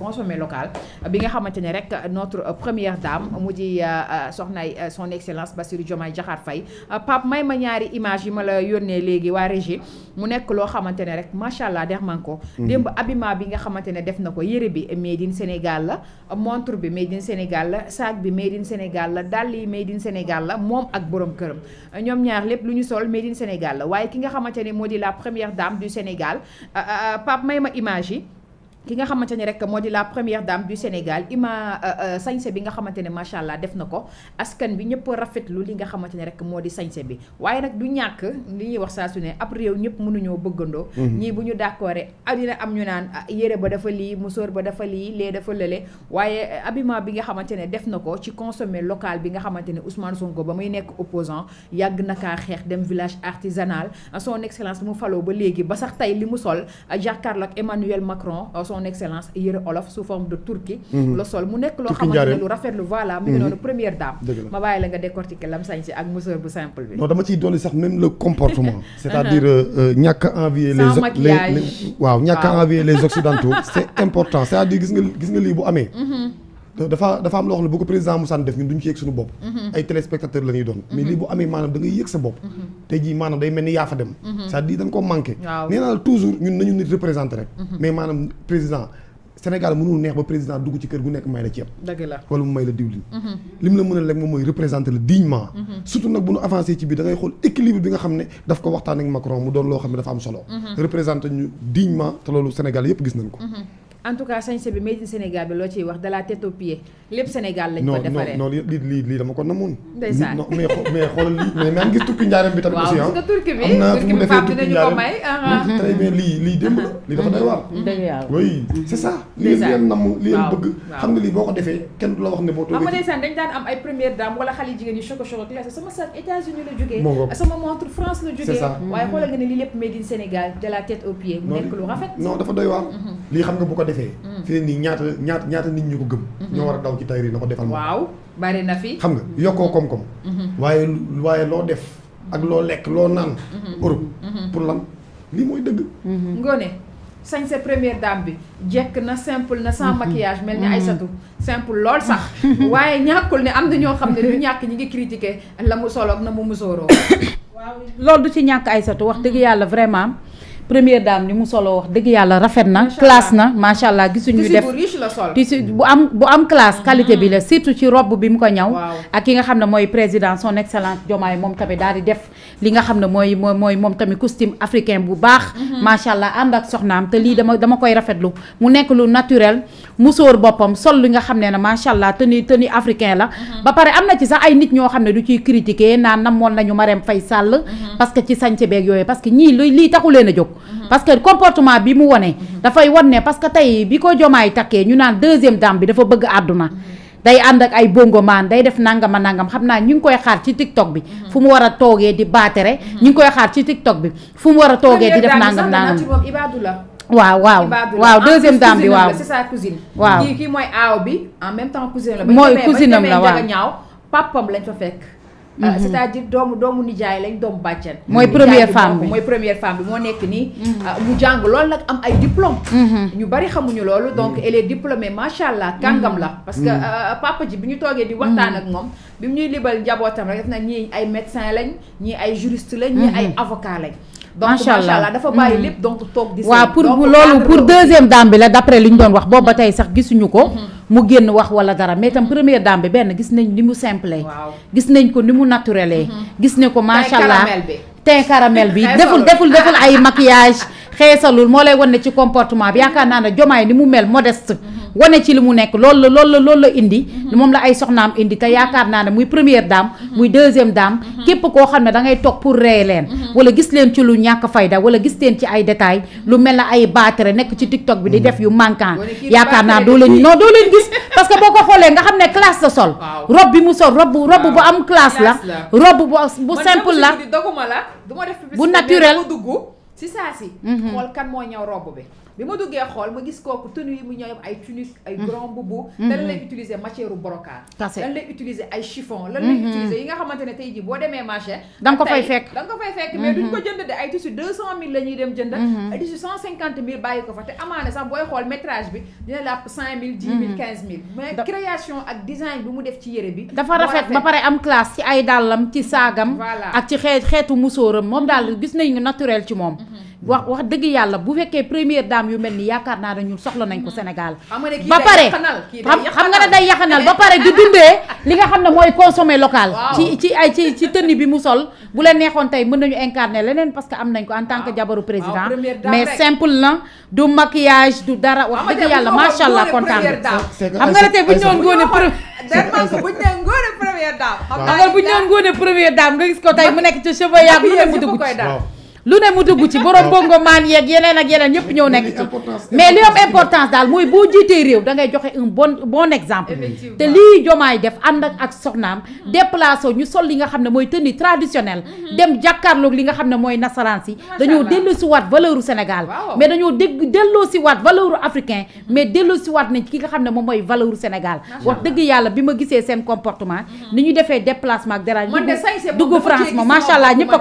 consommer local bi nga xamante ne rek notre première dame mu di euh, euh, soxnaay euh, son excellence Bassirou Diomaye Diakhar fay Pape may ma ñaari image yi ma la yónnee léegi waa régie mu nekk loo xamante ne rek macha allah dex ko mm-hmm. démb abima bi nga xamante ne def na ko yére bi mais in Sénégal la montre bi mais in Sénégal la sac bi made in Sénégal la dàll yi mais in Sénégal la moom ak boroom këram ñoom ñaar lépp lu ñu sol mais in Sénégal la waaye ki nga xamante ne moo di la première dame Sénégal Pape ma image yi ki nga xamante ni rek moo di la première dame du Sénégal ima euh, euh, sañse bi nga xamante ne macha allah def na ko askan bi ñëpp rafetlu li nga xamante ne rek moo di sañse bi waaye nag du ñàkk li ñuy wax saa su ne ab réew ñëpp mënuñoo bëggandoo. Mhm. ñii bu ñu d'accordé dina am ñu naan ah, yére ba dafa lii musóor ba dafa lii lee dafa lële waaye euh, habillement bi nga xamante ne def na ko ci consommé local bi nga xamante ne Ousmane Sonko ba muy nekk opposant yàgg na kaa xeex dem village artisanal son excellence mu faloo ba léegi ba sax tey li mu sol jàkkaarloo ak Macron. son excellence yëre olof sous forme de turki mhm. la sol mu nekk loo xamante ne lu rafetlu voilà mu ngi mhm. noonu première dame ma bàyyi la nga décortiquer lam sañ si ak monsieur bu simple bi non dama ciy dolli sax même le comportement c'est-à-dire uh-huh. euh, euh, ñàkk envier les waaw ñàkk a envier les occidentaux c'est important c'est-à-dire gis nga gis nga lii bu amee mhm. dafa dafa am loo xam ne bu ko président Moussane def ñun duñ ci yëg suñu bopp mm-hmm. ay téléspectateurs la ñuy doon mais lii bu amee maanaam da ngay yëg sa bopp mm-hmm. tey jii maanaam day mel ni yaa fa dem mm-hmm. cest à dañ ko manqué nee naa ñun nañu nit représenté rek mais maanaam président Sénégal mënul neex ba président dugg ci kër gu nekk may la ceeb dëgg la wala mu may la diwlin lim la mën a lekk moom mooy représenté la dignement surtout nag bu ñu avancé ci biir da ngay xool équilibre bi ko en tout cas sañse bi made Sénégal bi loo ciy wax dala tête aux lépp Sénégal lañ ko defaree non non bi tamit aussi ah. waaw ah, ah. lii lii démb la lii dafa doy waar. Mm-hmm. Mm-hmm. xam nga lii boo ko defee kenn du la ne boo. toogee ndeysaan dañ daan am ay première dame wala xale jigéen lépp made Sénégal de tête aux mu nekk lu rafet. non dafa doy waar mm-hmm. lii xam nga bu ko defee. Mm. fi ne nii ñaata ñaata ñaata nit ñu ko gëm. Mm-hmm. ñoo war a daw ci tayri na ko defal. waaw bari na fi. xam nga mm-hmm. yokkoo koom-koom. Mm-hmm. waaye waaye loo def ak loo lekk loo naan. Europe pour lan lii mooy dëgg. Ngoné sañ sa première dame bi jekk na simple na sans maquillage mel ni Aïssatou simple lool sax waaye ñàkkul ne am na ñoo xam ne du ñàkk ñi ngi critiquer la mu solo na mu musóoroo. waaw loolu du ci ñàkk Aïssatou wax dëgg yàlla vraiment. première dame ni mu solo wax dëgg yàlla rafet na classe na macha allah gisuñu def bu am bu am classe mm-hmm. qualité bi la surtout ci robe bi mu ko ñaw ak ki nga xam ne mooy président son excellence Diomaye moom tamit daal di def li nga xam ne mooy mooy moom tamit costume africain bu baax mm-hmm. macha allah ànd ak soxnaam te lii dama dama koy rafetlu mu nekk lu naturel musóor boppam sol li nga xam ne ne macha allah tenue tenue africain la mm-hmm. ba pare am na ci sax ay nit ñoo xam ne du ciy critiquer naan namoon nañu Marème Faye Sall parce que ci sañse beeg yooyu parce que ñii lii taxu leen a parce que comportement bi mu wone mhm. dafay wan ne parce que tey bi ko yi takkee ñu naan deuxième dame bi dafa bëgg àdduna mhm. day ànd ak ay bongomaan day def nangama nangam xam naa ñu ngi koy xaar ci tiktok bi mhm. fu mu war a toogee di baatere ñu ngi koy xaar ci tiktok bi fu mu war a toogee di def nangam nangam waaw waaw waaw deuxième dame bi waaw c'est sa cousine waaw kii mooy aaw bi en même temps cousine la mooy cousinam la waaw papam lañ fa fekk Euh, mhm. cest a dire doomu doomu nijaay lañ doomu bàjjan. mooy première femme bi mooy première femme moo nekk nii. Mhm. Euh, mu jàng loolu nag am ay diplôme mhm. ñu bari xamuñu loolu donc elle est diplômée macha allah kàngam la. parce que euh, papa ji bi ñu toogee di waxtaan ak moom. bi mu ñuy libal njabootam rek def na ñii ay médecin lañ ñii ay juriste lañ. ñii ay avocat lañ. macha allah dafa bàyyi lépp donc toog di. waaw pour loolu pour deuxième dame bi la d'après li ñu doon wax boobu ba tey sax gisuñu ko. mu génn wax wala dara mais tam première dame bi benn gis nañ ni mu simple gis nañ ko ni mu naturel mm-hmm. gis ne ko macha allah teint caramel bi deful deful deful ay maquillage xeesalul moo lay wan ne ci comportement bi yaakaar naa ne jomaay ni mu mel modeste mm-hmm. wane ci li mu nekk loolu la loolu la loolu la indi mhm. moom la ay soxnaam indi te yaakaar naa ne muy première dame mhm. muy deuxième dame mhm. képp koo xam ne da ngay toog pour ree leen wala gis leen ci lu ñàkk fayda wala gis leen ci ay détails lu mel ne ay baatere nekk ci tiktok bi di def yu manquant yaakaar naa doo leen non doo leen gis parce que boo ko xoolee nga xam ne classe la sol robe bi mu sol robe robe bu am classe la robe bu simple la bu naturel si saa si xool kan moo ñëw robe bi li ma duggee xool ma gis kooku tenue yi mu ñëw ay tunique ay mm. grand boubou mm-hmm. utiliser matière u brocart utiliser ay chiffon lan lay mm-hmm. utiliser yi nga xamante ne tey jii boo demee marché da nga fekk da nga ko fekk mais mm-hmm. jënd de ay tissu deux cent mille la ñuy dem jënd ay tissu cent cinquante mille bàyyi ko fa te amaana sax booy xool métrage bi dina la cinq mille dix mille quinze mille mais création ak design bi mu def ci yére bi dafa rafet ba pare am classe ci ay dàllam ci saagam ak ci xeet xeetu musóoram moom daal gis nañu naturel ci moom wax wax dëgg yàlla bu fekkee première dame yu mel ni yaakaar naa ne ñun soxla nañ ko mm-hmm. Sénégal ba pare xam nga ne day yaxanal ba pare di dundee li nga xam ne mooy consommer local ci ci ay ci ci tenue bi mu sol bu leen neexoon tey nañu incarner leneen parce que am nañ ko en tant que jabaru président mais simple na du maquillage du dara wax dëgg yàlla macha allah kontaan xam nga ne tey bu ñu doon góone première ko tey mu nekk ci cheveux yaa bu ne mu dugg lu ne mu dugg ci borom bongo maan yeeg yeneen ak yeneen ñëpp ñëw nekk ci mais li am importance daal mooy boo jiitee réew da ngay joxe un bon bon exemple te lii jomaay def ànd ak soxnaam mm-hmm. déplacé ñu sol li nga xam ne mooy tenue traditionnelle mm-hmm. dem jàkkaarloog li nga xam ne mooy nasaraan si dañoo dellu si waat valeuru Sénégal mais dañoo dégg delloo si waat valeuru africain mm-hmm. mais delloo si waat nañ ki nga xam ne moom mooy valeuru Sénégal wax dëgg yàlla bi ma gisee seen comportement ni ñu defee déplacement ak dara dugg France ma macha allah ñëpp a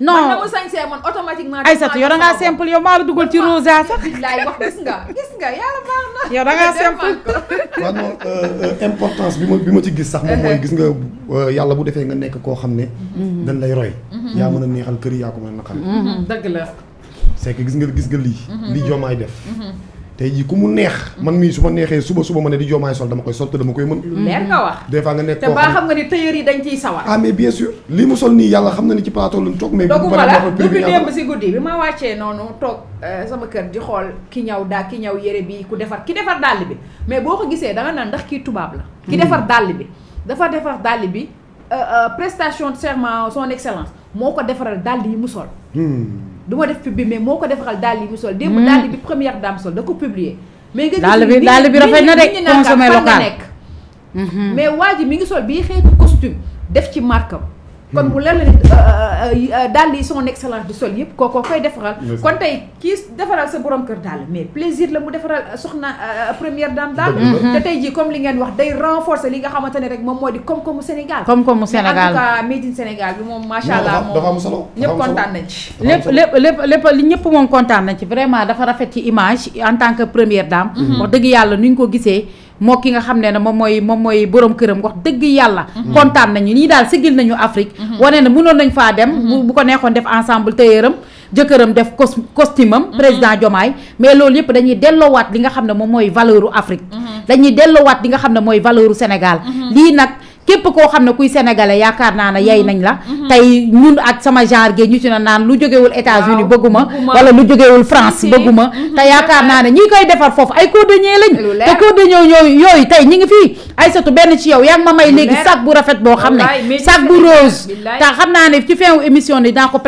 non man na mu sañsee man automatiquement. Aïssatou yow da ngaa simple yow maa la dugal ci rosa ah, sax. bilaay gis nga gis nga yàlla euh, euh, ma ci gis sax uh-huh. gis nga euh, yàlla bu defee nga nekk koo xam ne. Mm-hmm. dañ lay roy. Mm-hmm. yaa mën a neexal kër yi yaa ko mën a naqal. Mm-hmm. dëgg la. gis nga gis nga lii. lii joomaay def. te jii ku mu neex man mii su ma neexee suba suba ma ne di joomaay sol dama koy sol te dama koy mën lu leer nga wax des fois nga nekk te baa xam nga ni tailleur yi dañ ciy sawar ah mais bien sûr lii mu sol nii yàlla xam na ni ci plateau lañ toog mais doguma la depuis démb si guddi bi ma wàccee noonu toog euh, sama kër di xool ki ñaw daa ki ñaw yére bi ku defar ki defar dàll bi mais boo ko gisee da naan ndax kii tubaab la ki hmm. defar dàll bi dafa defar dàll bi euh, euh, prestation de serment son excellence moo ko defaral dàll yi mu sol hmm. duma ma def publier mais moo ko defaral daal yi mu sol démb mm. daal bi première dame sol da ko publier mais nga daal bi daal bi rafet na de consommé local nekk mm-hmm. mais waa ji mi ngi sol bii xeetu costume def ci markam kon bu leer la ni dàll yi son excellence du sol yëpp kookoo koy defaral. kon tey kii defaral sa borom kër dàll mais plaisir la mu defaral euh, soxna euh, euh, première dame daal. te tey jii comme li ngeen wax day renforcer li nga xamante ne rek moom moo di koom-koomu Sénégal. koom-koomu Sénégal en tout cas made in Sénégal bi moom macha allah. moom dafa am solo ñëpp lép nañ ci. lépp lépp lépp li ñëpp moom kontaan nañ ci vraiment dafa rafet ci image en tant que première dame. Mm-hmm. wax dëgg yàlla nuñ ko gisee. moo ki nga xam ne ne moom mooy moom mooy borom këram wax dëgg yàlla mhm. kontaan nañu ñii daal sigil nañu Afrique mhm. wane na munoon nañu faa dem mhm. bu ko neexoon def ensemble tailleuram jëkkëram def cos costume am président Diomaye mais loolu yëpp dañuy delloowaat li nga xam ne moom mooy valeur u Afrique dañuy dellowaat li nga xam ne mooy valeur u Sénégal lii nag képp koo xam ne kuy sénégalais yaakaar naa ne mhm. nañ la mhm. tey ñun ak sama genre gi ñu ci na naan lu jógewul États-Unis bëgguma wala lu jógewul France bëgguma mhm. te yaakaar naa ne ñi koy defar foofu ay cordonnier lañ te cordonnier yooyu yooyu tey ñi ngi fii Aïssatou ma may léegi sac bu rafet boo xam ne sac bu rose te naa ne ci fin émission ni dinaa ko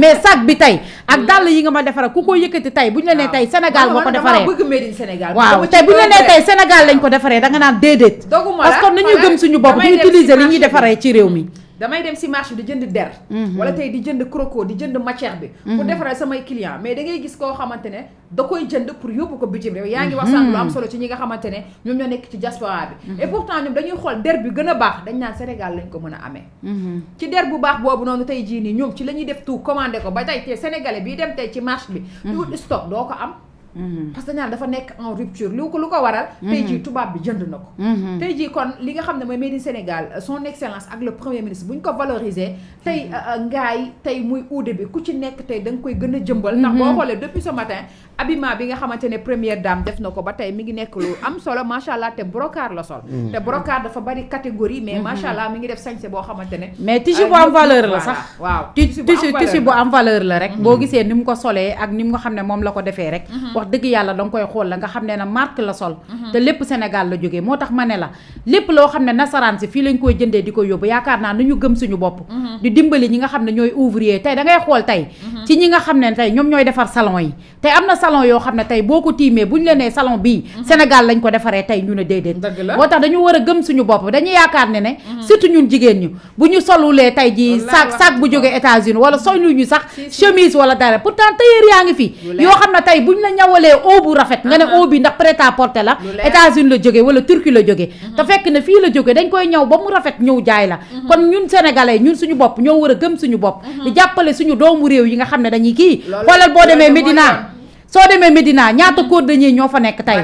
mais sac bi tey ak mm. yi nga ma defare ku ko bu la nee tey Sénégal nga ko defaree waaw tey bu ñu la tey Sénégal lañ ko defaree da nga naan déedéet parce que nañuy gëm suñu bopp utiliser li ñuy defaree ci réew mi. Mm-hmm. damay dem si marché di jënd der. Mm-hmm. wala tey di jënd croco di jënd matière bi. pour mm-hmm. defaral samay client mais da ngay gis koo xamante ne da koy jënd pour yóbbu ko bitim réew. yaa ngi wax sànq lu am solo ci ñi nga xamante ne ñoom ñoo nekk ci diaspora bi. et pourtant ñoom dañuy xool der bi gën a baax dañ naan Sénégal lañ ko mën a amee. ci der bu baax boobu noonu tey jii nii ñoom ci la ñuy def tout commandé ko ba tey te sénégalais bi dem tey ci marché bi. doo ko am. Mm-hmm. parce que ñaan dafa nekk en rupture lu ko lu ko waral. Mm-hmm. tey jii tubaab bi jënd na ko. Mm-hmm. tey jii kon li nga xam ne mooy made in Sénégal euh, son excellence ak le premier ministre bu ñu ko valoriser tey ngaay euh, euh, tey muy uude bi ku ci nekk tey da nga koy gën a jëmbal. ndax boo xoolee depuis ce matin abima bi nga xamante ne première dame def na ko ba tey mi ngi nekk lu am solo macha allah te brocart la sol. te brocart dafa bari catégorie mais macha allah mi ngi def sañse boo xamante ne. mais tissu bu am valeur am valeur la rek. boo gisee ni mu ko solee ak ni mu nga xam ne moom la ko defee rek. wax dëgg yàlla danga koy xool la nga xam ne na marque la sol mhm. te lépp Sénégal la jógee moo tax ma ne la lépp loo xam ne nasaraan si fii lañ koy jëndee di ko yóbbu yaakaar naa nu ñu gëm suñu bopp mhm. di dimbali ñi nga xam ne ñooy ouvrier tey dangay xool tey mhm. ci ñi nga xam ne tey ñoom ñooy defar salon yi tey am na salon yoo xam ne tey boo ko tiimee bu ñu la nee salon bii Sénégal lañ ko defaree tey ñu ne déedéet moo tax dañu war a gëm suñu bopp dañu yaakaar ne ne surtout ñun jigéen ñu bu ñu solulee tey ji sac sac bu jógee États-Unis wala soluñu sax chemise wala dara pourtant tailleur yaa fi xewalee oo bu rafet nga ne oo bi ndax prêt à porter la États-Unis la jóge wala Turquie la jóge te fekk ne fii la jóge dañ koy ñëw ba mu rafet ñëw jaay la kon ñun sénégalais ñun suñu bopp ñoo war a gëm suñu bopp di jàppale suñu doomu réew yi nga xam ne dañuy kii xoolal boo demee Médina soo demee Medina ñaata mm-hmm. dañuy ñoo fa nekk tey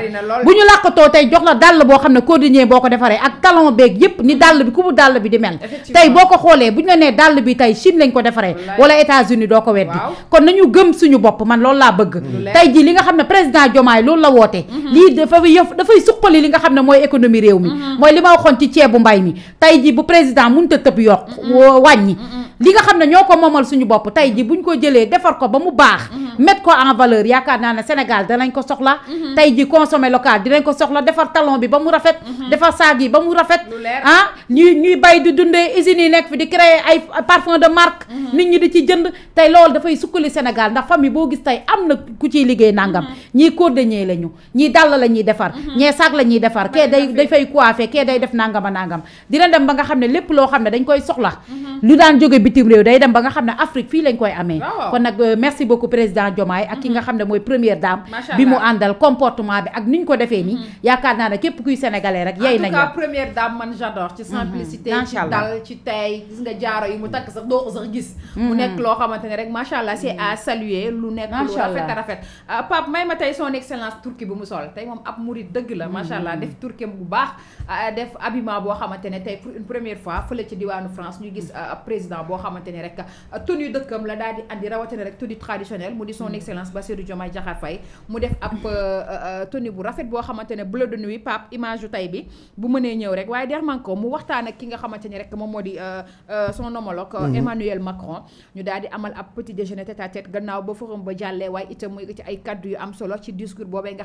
bu ñu làqatoo tey jox la dall boo xam ne cordonnier boo ko defaree ak talon beeg yépp ni mm-hmm. dàll bi ku bu dàll bi di mel tey boo ko xoolee bu ñu la nee dàll bi tey Chine lañ ko defaree wala États-Unis doo ko weddi kon nañu gëm suñu bopp man loolu laa bëgg tey jii li nga xam ne président Diomaye loolu la woote mm-hmm. lii dafa yëf dafay suqali li nga xam ne mooy économie réew mi mooy li ma waxoon ci ceebu mbay mi tey jii bu président mënut a tëb yokk wàññi li nga xam ne ñoo ko moomal suñu bopp tey ji buñ ko jëlee defar ko ba mu baax mettre ko en valeur yaakaar yaakaar naa ne Sénégal danañ ko soxla mhm. tey ji consommer local dinañ ko soxla defar talon bi ba mu rafet mhm. defar saag yi ba mu rafet ah ñuy ñuy bay di dundee usines yi nekk fi di créer ay parfum de marque mhm. nit ñi di ci jënd tey loolu dafay sukkali Sénégal ndax famille boo gis tey am na ku ciy liggéey nangam ñii cordonnier la ñu ñii dàll la ñuy defar ñee saag la ñuy defar kee day dafay coiffé kee day def nangam a nangam dina dem ba nga xam ne lépp loo xam ne dañ koy soxla lu daan jóge bitim réew day dem ba nga xam ne Afrique fii lañ koy amee kon nag euh, merci beaucoup président Diomaye ak ki nga mhm. xam ne mooy première dame bi mu àndal comportement bi ak ni ñu ko defee nii mhm. yaakaar naa ne képp kuy sénégalais rek yey première dame man mhm. mu takk sax loo xamante ne rek macha allah c'est à a rafet euh, Pape may ma tey son excellence mu sol tey moom ab murid la macha allah def turki bu baax euh, def abima boo xamante ne tey pour première fois fële ci diwaanu France ñu gis ab président boo xamante ni rek euh, tenue dëkkam la daal di andi rawatina rek tenue traditionnelle mu di son mm. excellence Bassirou Diomaye Diakhar Faye mu def ab euh, euh, tenue bu rafet boo xamante ne bleu de nuit pape image yu tay bi bu mënee ñëw rek waaye der ko mu waxtaan ak ki nga xamante ni rek moom moo di son homologue mm-hmm. Emmanuel Macron ñu daal di amal ab petit déjeuner tête à tête gannaaw ba forum ba jàllee waaye itam muy ci ay kaddu yu am solo ci discours boobee nga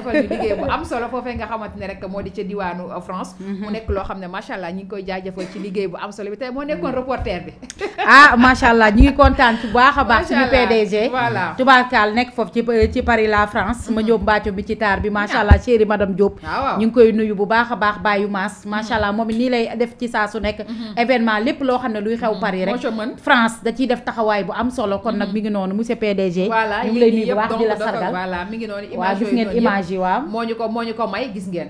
defal bu am solo foofee nga xamante ne rek moo di ca diwaanu France mhm. mu nekk loo xam ne macha allah ñi ngi koy jaajëfal ci liggéey bu am solo bi tey moo nekkoon mhm. ah, ngi kontaan bu baax a baax suñu d voilà tubaarkaal nekk foofu ci Paris la France ma Diop mhm. Mbacco bi ci taar bi macha allah chérie madame Diop ah, ñu ngi koy nuyu bu baax a baax bàyyu maas macha allah moom nii lay def ci saa su nekk événement lépp loo xam ne luy xew Paris rek France da ciy def taxawaay bu am solo kon nag mu ngi noonu monsieur PDG ñu ngi lay nuyu bu jiwaam moo ñu ko moo ñu ko may gis ngeen